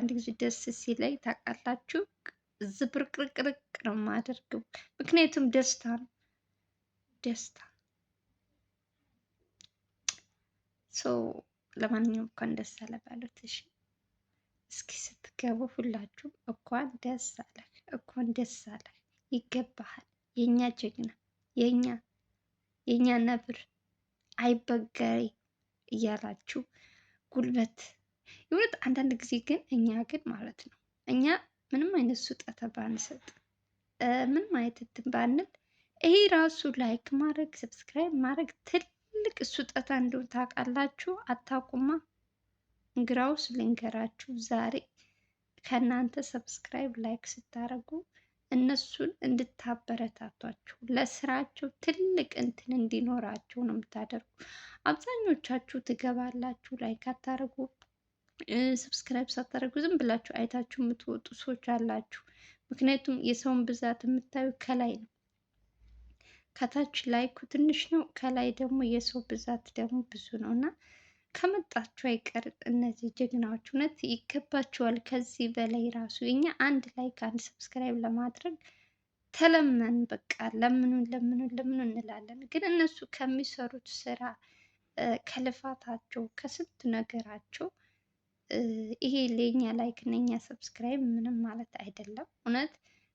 አንድ ጊዜ ደስ ሲለኝ ታውቃላችሁ ዝብርቅርቅርቅ ነው የማደርገው። ምክንያቱም ደስታ ነው ደስታ ሶ ለማንኛውም እንኳን ደስ አለ ባሉት። እሺ እስኪ ስትገቡ ሁላችሁም እንኳን ደስ አለ እንኳን ደስ አለ። ይገባሃል፣ የእኛ ጀግና፣ የእኛ የእኛ ነብር፣ አይበገሬ እያላችሁ ጉልበት የእውነት አንዳንድ ጊዜ ግን እኛ ግን ማለት ነው እኛ ምንም አይነት ስጦታ ባንሰጥ ምንም አይነት እንትን ባንል ይሄ ራሱ ላይክ ማድረግ ሰብስክራይብ ማድረግ ትልቅ ስጦታ እንደሆነ ታውቃላችሁ። አታውቁማ? ግራውስ ልንገራችሁ። ዛሬ ከእናንተ ሰብስክራይብ ላይክ ስታደርጉ እነሱን እንድታበረታቷቸው ለስራቸው ትልቅ እንትን እንዲኖራቸው ነው የምታደርጉ። አብዛኞቻችሁ ትገባላችሁ ላይክ አታደርጉ ሰብስክራይብ ሳታደርጉ ዝም ብላችሁ አይታችሁ የምትወጡ ሰዎች አላችሁ። ምክንያቱም የሰውን ብዛት የምታዩ ከላይ ነው። ከታች ላይኩ ትንሽ ነው፣ ከላይ ደግሞ የሰው ብዛት ደግሞ ብዙ ነው እና ከመጣችሁ አይቀር እነዚህ ጀግናዎች እውነት ይገባችኋል። ከዚህ በላይ ራሱ እኛ አንድ ላይክ አንድ ሰብስክራይብ ለማድረግ ተለመን በቃ ለምኑን ለምኑን ለምኑን እንላለን። ግን እነሱ ከሚሰሩት ስራ ከልፋታቸው ከስንት ነገራቸው ይሄ ለኛ ላይክ ለኛ ሰብስክራይብ ምንም ማለት አይደለም። እውነት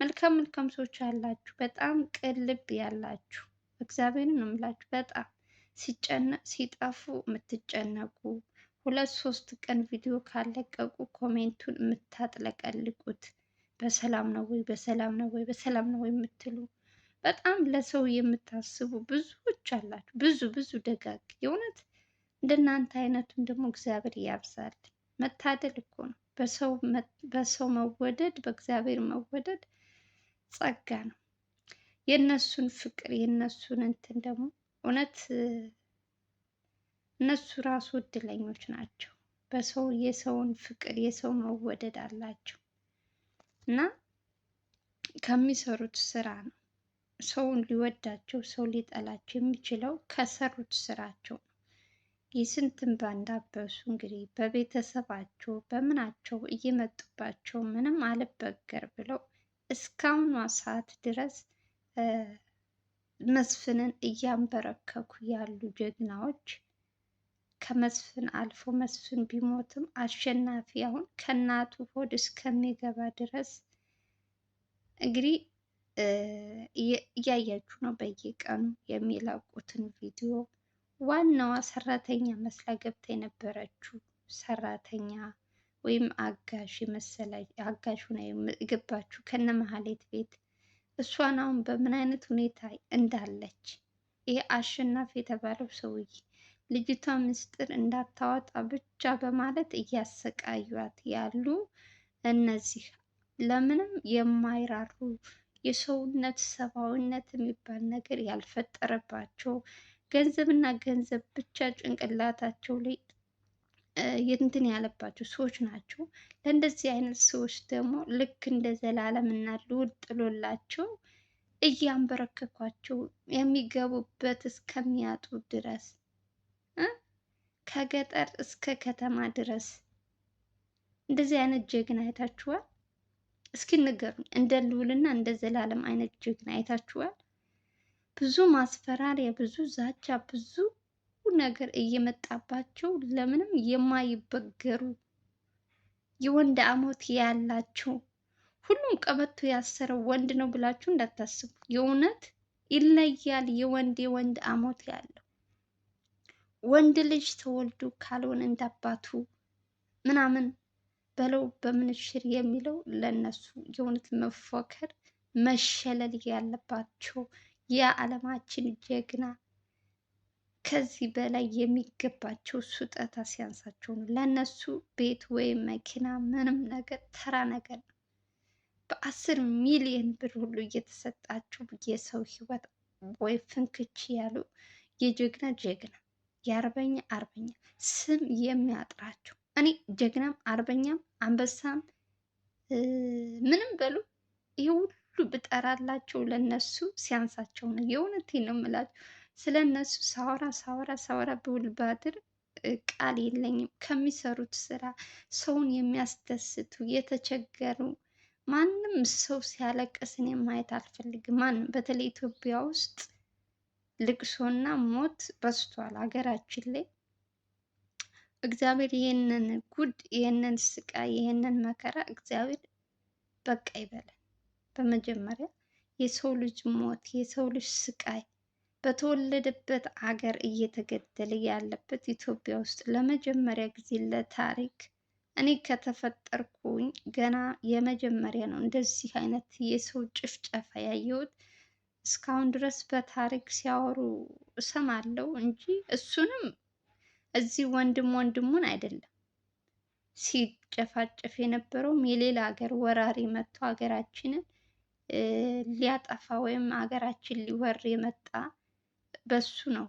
መልካም መልካም ሰዎች አላችሁ፣ በጣም ቅን ልብ ያላችሁ፣ እግዚአብሔርን ነው የምላችሁ። በጣም ሲጠፉ የምትጨነቁ ሁለት ሶስት ቀን ቪዲዮ ካለቀቁ ኮሜንቱን የምታጥለቀልቁት በሰላም ነው ወይ በሰላም ነው ወይ በሰላም ነው ወይ የምትሉ በጣም ለሰው የምታስቡ ብዙዎች አላችሁ። ብዙ ብዙ ደጋግ የእውነት እንደናንተ አይነቱን ደግሞ እግዚአብሔር ያብዛልን። መታደል እኮ ነው። በሰው መወደድ፣ በእግዚአብሔር መወደድ ጸጋ ነው። የእነሱን ፍቅር የእነሱን እንትን ደግሞ እውነት እነሱ ራሱ እድለኞች ናቸው። በሰው የሰውን ፍቅር የሰው መወደድ አላቸው እና ከሚሰሩት ስራ ነው። ሰውን ሊወዳቸው ሰው ሊጠላቸው የሚችለው ከሰሩት ስራቸው የስንትን ባንዳበሱ እንግዲህ በቤተሰባቸው በምናቸው እየመጡባቸው ምንም አልበገር ብለው እስካሁኗ ሰዓት ድረስ መስፍንን እያንበረከኩ ያሉ ጀግናዎች ከመስፍን አልፎ መስፍን ቢሞትም አሸናፊ አሁን ከእናቱ ሆድ እስከሚገባ ድረስ እንግዲህ እያያችሁ ነው በየቀኑ የሚለቁትን ቪዲዮ ዋናዋ ሰራተኛ መስላ ገብታ የነበረችው ሰራተኛ ወይም አጋዥ የመሰለ አጋዥ ሆና የገባችው ከነ መሀሌት ቤት እሷን አሁን በምን አይነት ሁኔታ እንዳለች ይህ አሸናፊ የተባለው ሰውዬ ልጅቷ ምስጢር እንዳታወጣ ብቻ በማለት እያሰቃዩት ያሉ እነዚህ ለምንም የማይራሩ የሰውነት ሰብአዊነት የሚባል ነገር ያልፈጠረባቸው ገንዘብና ገንዘብ ብቻ ጭንቅላታቸው ላይ እንትን ያለባቸው ሰዎች ናቸው። ለእንደዚህ አይነት ሰዎች ደግሞ ልክ እንደ ዘላለም እና ልውል ጥሎላቸው እያንበረከኳቸው የሚገቡበት እስከሚያጡ ድረስ ከገጠር እስከ ከተማ ድረስ እንደዚህ አይነት ጀግና አይታችኋል? እስኪ ንገሩኝ። እንደ ልውልና እንደ ዘላለም አይነት ጀግና አይታችኋል? ብዙ ማስፈራሪያ፣ ብዙ ዛቻ፣ ብዙ ነገር እየመጣባቸው ለምንም የማይበገሩ የወንድ አሞት ያላቸው ሁሉም ቀበቶ ያሰረው ወንድ ነው ብላችሁ እንዳታስቡ። የእውነት ይለያል። የወንድ የወንድ አሞት ያለው ወንድ ልጅ ተወልዶ ካልሆነ እንዳባቱ ምናምን በለው በምንሽር የሚለው ለነሱ የእውነት መፎከር መሸለል ያለባቸው የዓለማችን ጀግና ከዚህ በላይ የሚገባቸው ስጦታ ሲያንሳቸው ነው። ለእነሱ ቤት ወይም መኪና ምንም ነገር ተራ ነገር ነው። በአስር ሚሊዮን ብር ሁሉ እየተሰጣቸው የሰው ህይወት ወይ ፍንክች ያሉ የጀግና ጀግና የአርበኛ አርበኛ ስም የሚያጥራቸው እኔ ጀግናም አርበኛም አንበሳም ምንም በሉ ይህ ሁሉ ብጠራላቸው ለነሱ ሲያንሳቸው ነው። የእውነቴ ነው የምላቸው። ስለ እነሱ ሳወራ ሳወራ ሳወራ ብውል ባድር ቃል የለኝም። ከሚሰሩት ስራ ሰውን የሚያስደስቱ የተቸገሩ ማንም ሰው ሲያለቅስ እኔ ማየት አልፈልግም። ማንም በተለይ ኢትዮጵያ ውስጥ ልቅሶና ሞት በስቷል ሀገራችን ላይ። እግዚአብሔር ይህንን ጉድ፣ ይህንን ስቃይ፣ ይህንን መከራ እግዚአብሔር በቃ ይበለ። በመጀመሪያ የሰው ልጅ ሞት፣ የሰው ልጅ ስቃይ በተወለደበት አገር እየተገደለ ያለበት ኢትዮጵያ ውስጥ ለመጀመሪያ ጊዜ ለታሪክ እኔ ከተፈጠርኩኝ ገና የመጀመሪያ ነው እንደዚህ አይነት የሰው ጭፍጨፋ ያየሁት። እስካሁን ድረስ በታሪክ ሲያወሩ እሰማለሁ እንጂ እሱንም እዚህ ወንድም ወንድሙን አይደለም ሲጨፋጨፍ የነበረውም የሌላ ሀገር ወራሪ መጥቶ ሀገራችንን ሊያጠፋ ወይም ሀገራችን ሊወር የመጣ በሱ ነው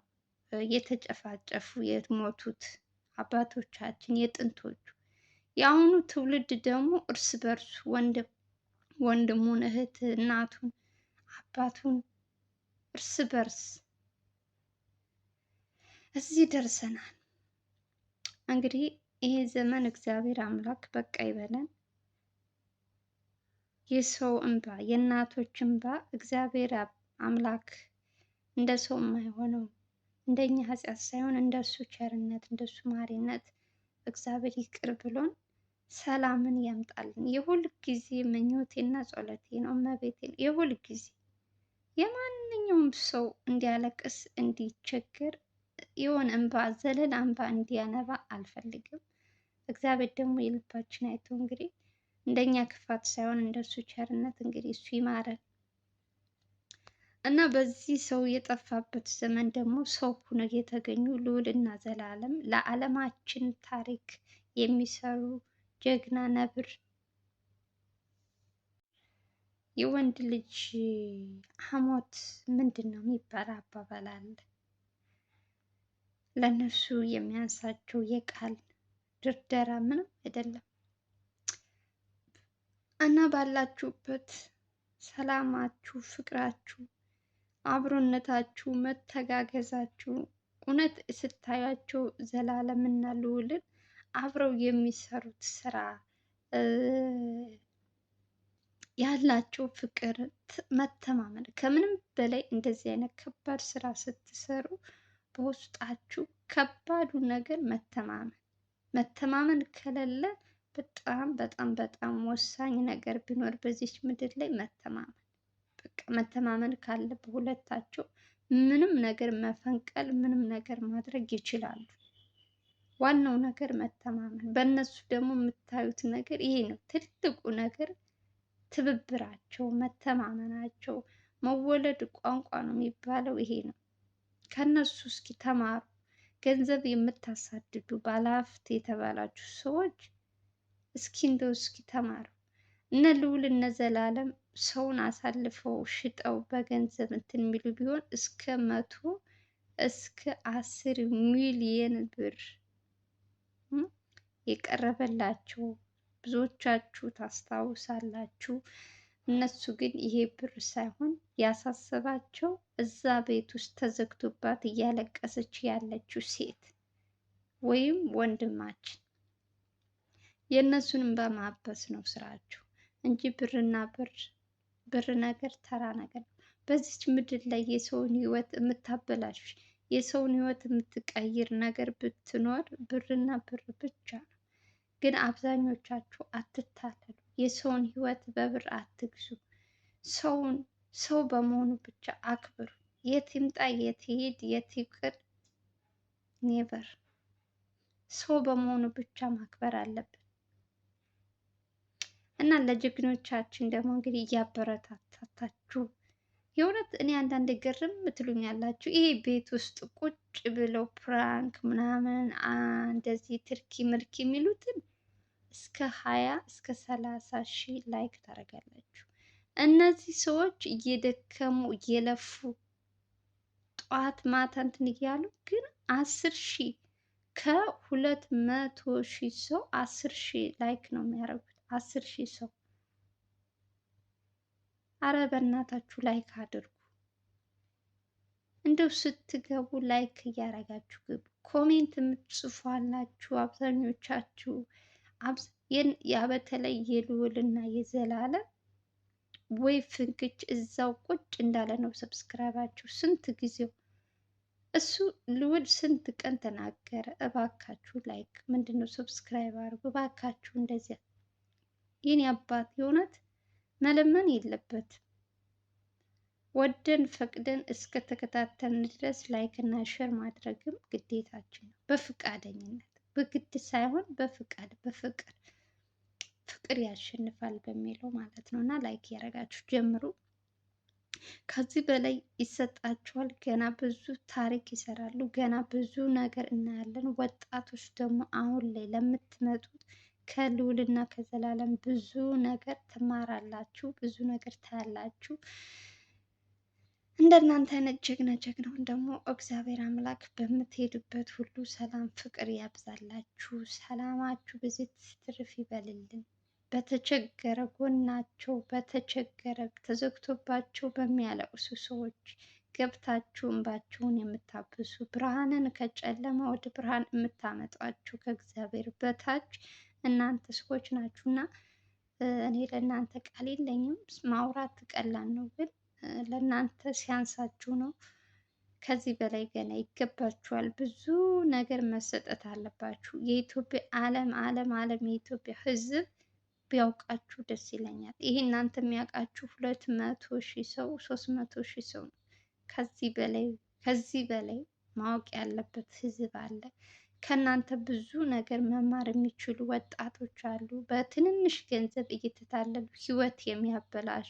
እየተጨፋጨፉ የሞቱት አባቶቻችን የጥንቶቹ። የአሁኑ ትውልድ ደግሞ እርስ በርሱ ወንድሙን፣ እህት፣ እናቱን፣ አባቱን እርስ በርስ እዚህ ደርሰናል። እንግዲህ ይሄ ዘመን እግዚአብሔር አምላክ በቃ ይበለን። የሰው እንባ የእናቶች እንባ እግዚአብሔር አምላክ እንደ ሰው የማይሆነው እንደኛ ኃጢአት ሳይሆን እንደ እሱ ቸርነት እንደ እሱ ማሪነት እግዚአብሔር ይቅር ብሎን ሰላምን ያምጣልን። የሁል ጊዜ ምኞቴና ጸሎቴ ነው። እመቤቴ የሁል ጊዜ የማንኛውም ሰው እንዲያለቅስ እንዲቸገር የሆነ እንባ ዘለል እንባ እንዲያነባ አልፈልግም። እግዚአብሔር ደግሞ የልባችን አይቶ እንግዲህ እንደኛ ክፋት ሳይሆን እንደሱ ቸርነት እንግዲህ እሱ ይማረን እና በዚህ ሰው የጠፋበት ዘመን ደግሞ ሰው ሁነው የተገኙ ልዑል እና ዘላለም ለዓለማችን ታሪክ የሚሰሩ ጀግና ነብር የወንድ ልጅ ሐሞት ምንድን ነው የሚባል አባባል አለ። ለእነሱ የሚያንሳቸው የቃል ድርደራ ምንም አይደለም። እና ባላችሁበት ሰላማችሁ፣ ፍቅራችሁ፣ አብሮነታችሁ፣ መተጋገዛችሁ እውነት ስታያቸው ዘላለም እና ልዑልን አብረው የሚሰሩት ስራ ያላቸው ፍቅር፣ መተማመን ከምንም በላይ እንደዚህ አይነት ከባድ ስራ ስትሰሩ በውስጣችሁ ከባዱ ነገር መተማመን መተማመን ከሌለ በጣም በጣም በጣም ወሳኝ ነገር ቢኖር በዚች ምድር ላይ መተማመን፣ በቃ መተማመን ካለ በሁለታቸው ምንም ነገር መፈንቀል፣ ምንም ነገር ማድረግ ይችላሉ። ዋናው ነገር መተማመን። በእነሱ ደግሞ የምታዩት ነገር ይሄ ነው። ትልቁ ነገር ትብብራቸው፣ መተማመናቸው። መወለድ ቋንቋ ነው የሚባለው ይሄ ነው። ከእነሱ እስኪ ተማሩ። ገንዘብ የምታሳድዱ ባለሀብት የተባላችሁ ሰዎች እስኪ እንደው እስኪ ተማሩ። እነ ልዑል እነ ዘላለም ሰውን አሳልፈው ሽጠው በገንዘብ እንትን የሚሉ ቢሆን እስከ መቶ እስከ አስር ሚሊየን ብር የቀረበላቸው ብዙዎቻችሁ ታስታውሳላችሁ። እነሱ ግን ይሄ ብር ሳይሆን ያሳሰባቸው እዛ ቤት ውስጥ ተዘግቶባት እያለቀሰች ያለችው ሴት ወይም ወንድማችን የእነሱንም በማበስ ነው ስራችሁ እንጂ ብርና ብር ብር ነገር ተራ ነገር ነው። በዚች ምድር ላይ የሰውን ህይወት የምታበላሽ የሰውን ህይወት የምትቀይር ነገር ብትኖር ብርና ብር ብቻ ነው። ግን አብዛኞቻችሁ አትታለሉ። የሰውን ህይወት በብር አትግዙ። ሰውን ሰው በመሆኑ ብቻ አክብሩ። የት ይምጣ፣ የት ይሄድ፣ የት ይቅር፣ ኔቨር ሰው በመሆኑ ብቻ ማክበር አለብን። እና ለጀግኖቻችን ደግሞ እንግዲህ እያበረታታችሁ የእውነት እኔ አንዳንድ ግርም ትሉኝ ያላችሁ ይሄ ቤት ውስጥ ቁጭ ብለው ፕራንክ ምናምን እንደዚህ ትርኪ ምርኪ የሚሉትን እስከ ሀያ እስከ ሰላሳ ሺህ ላይክ ታደርጋላችሁ። እነዚህ ሰዎች እየደከሙ እየለፉ ጠዋት ማታ እንትን እያሉ ግን አስር ሺህ ከሁለት መቶ ሺህ ሰው አስር ሺህ ላይክ ነው የሚያደርጉት። አስር ሺህ ሰው አረ በእናታችሁ ላይክ አድርጉ። እንደው ስትገቡ ላይክ እያደረጋችሁ ግቡ። ኮሜንት የምትጽፏላችሁ አላችሁ አብዛኞቻችሁ። ያ በተለይ የልዑልና የዘላለም ወይ ፍንክች እዛው ቁጭ እንዳለ ነው ሰብስክራይባችሁ። ስንት ጊዜው እሱ ልዑል ስንት ቀን ተናገረ። እባካችሁ ላይክ ምንድነው ሰብስክራይብ አድርጉ እባካችሁ እንደዚያ የኔ አባት የእውነት መለመን የለበት። ወደን ፈቅደን እስከ ተከታተልን ድረስ ላይክ እና ሼር ማድረግም ግዴታችን ነው። በፍቃደኝነት በግድ ሳይሆን በፍቃድ በፍቅር ፍቅር ያሸንፋል በሚለው ማለት ነው እና ላይክ ያደረጋችሁ ጀምሩ። ከዚህ በላይ ይሰጣችኋል። ገና ብዙ ታሪክ ይሰራሉ። ገና ብዙ ነገር እናያለን። ወጣቶች ደግሞ አሁን ላይ ለምትመጡት እና ከዘላለም ብዙ ነገር ትማራላችሁ፣ ብዙ ነገር ታያላችሁ። እንደናንተ አይነት ጀግና ጀግናውን ደግሞ እግዚአብሔር አምላክ በምትሄዱበት ሁሉ ሰላም ፍቅር ያብዛላችሁ። ሰላማችሁ ብዝት ትርፍ ይበልልን። በተቸገረ ጎናቸው በተቸገረ ተዘግቶባቸው በሚያለቅሱ ሰዎች ገብታችሁ እንባቸውን የምታብሱ ብርሃንን ከጨለማ ወደ ብርሃን የምታመጧቸው ከእግዚአብሔር በታች እናንተ ሰዎች ናችሁ እና እኔ ለእናንተ ቃል የለኝም። ማውራት ቀላል ነው፣ ግን ለእናንተ ሲያንሳችሁ ነው። ከዚህ በላይ ገና ይገባችኋል። ብዙ ነገር መሰጠት አለባችሁ። የኢትዮጵያ ዓለም ዓለም ዓለም የኢትዮጵያ ሕዝብ ቢያውቃችሁ ደስ ይለኛል። ይሄ እናንተ የሚያውቃችሁ ሁለት መቶ ሺህ ሰው ሶስት መቶ ሺህ ሰው ነው። ከዚህ በላይ ከዚህ በላይ ማወቅ ያለበት ሕዝብ አለ። ከእናንተ ብዙ ነገር መማር የሚችሉ ወጣቶች አሉ። በትንንሽ ገንዘብ እየተታለሉ ህይወት የሚያበላሹ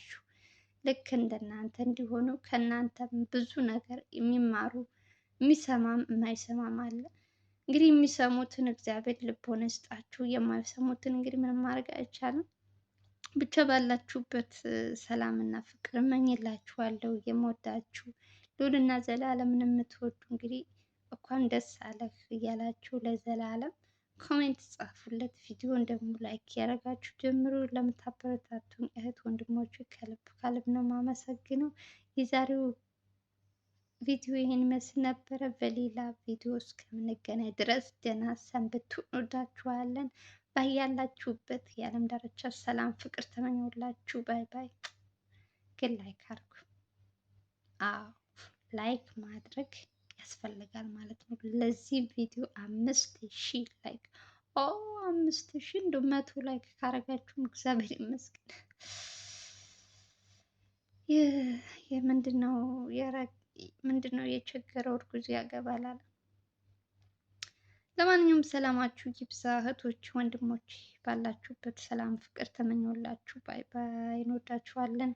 ልክ እንደናንተ እንዲሆኑ ከእናንተ ብዙ ነገር የሚማሩ የሚሰማም የማይሰማም አለ። እንግዲህ የሚሰሙትን እግዚአብሔር ልቦና ይስጣችሁ። የማይሰሙትን እንግዲህ ምንም ማድረግ አይቻልም። ብቻ ባላችሁበት ሰላምና ፍቅር እመኝላችኋለሁ። የምወዳችሁ ልዑልና ዘላለምን የምትወዱ እንግዲህ እንኳን ደስ አለህ እያላችሁ ለዘላለም ኮሜንት ጻፉለት። ቪዲዮን ደግሞ ላይክ ያደረጋችሁ ጀምሮ ለምታበረታቱኝ እህት ወንድሞች ከልብ ከልብ ነው የማመሰግነው። የዛሬው ቪዲዮ ይህን ይመስል ነበረ። በሌላ ቪዲዮ እስከምንገናኝ ድረስ ደህና ሰንብቱ። እንወዳችኋለን። ባያላችሁበት የዓለም ዳርቻ ሰላም፣ ፍቅር ተመኘውላችሁ። ባይ ባይ። ግን ላይክ አድርጉ። አዎ ላይክ ማድረግ ያስፈልጋል ማለት ነው። ለዚህ ቪዲዮ አምስት ሺ ላይክ ኦ አምስት ሺ እንደ መቶ ላይክ ካረጋችሁም እግዚአብሔር ይመስገን። ምንድን ምንድነው የቸገረው እርጉዝ ያገባል አለ። ለማንኛውም ሰላማችሁ ይብዛ እህቶች ወንድሞች፣ ባላችሁበት ሰላም ፍቅር ተመኘውላችሁ። ባይ ባይ። እንወዳችኋለን።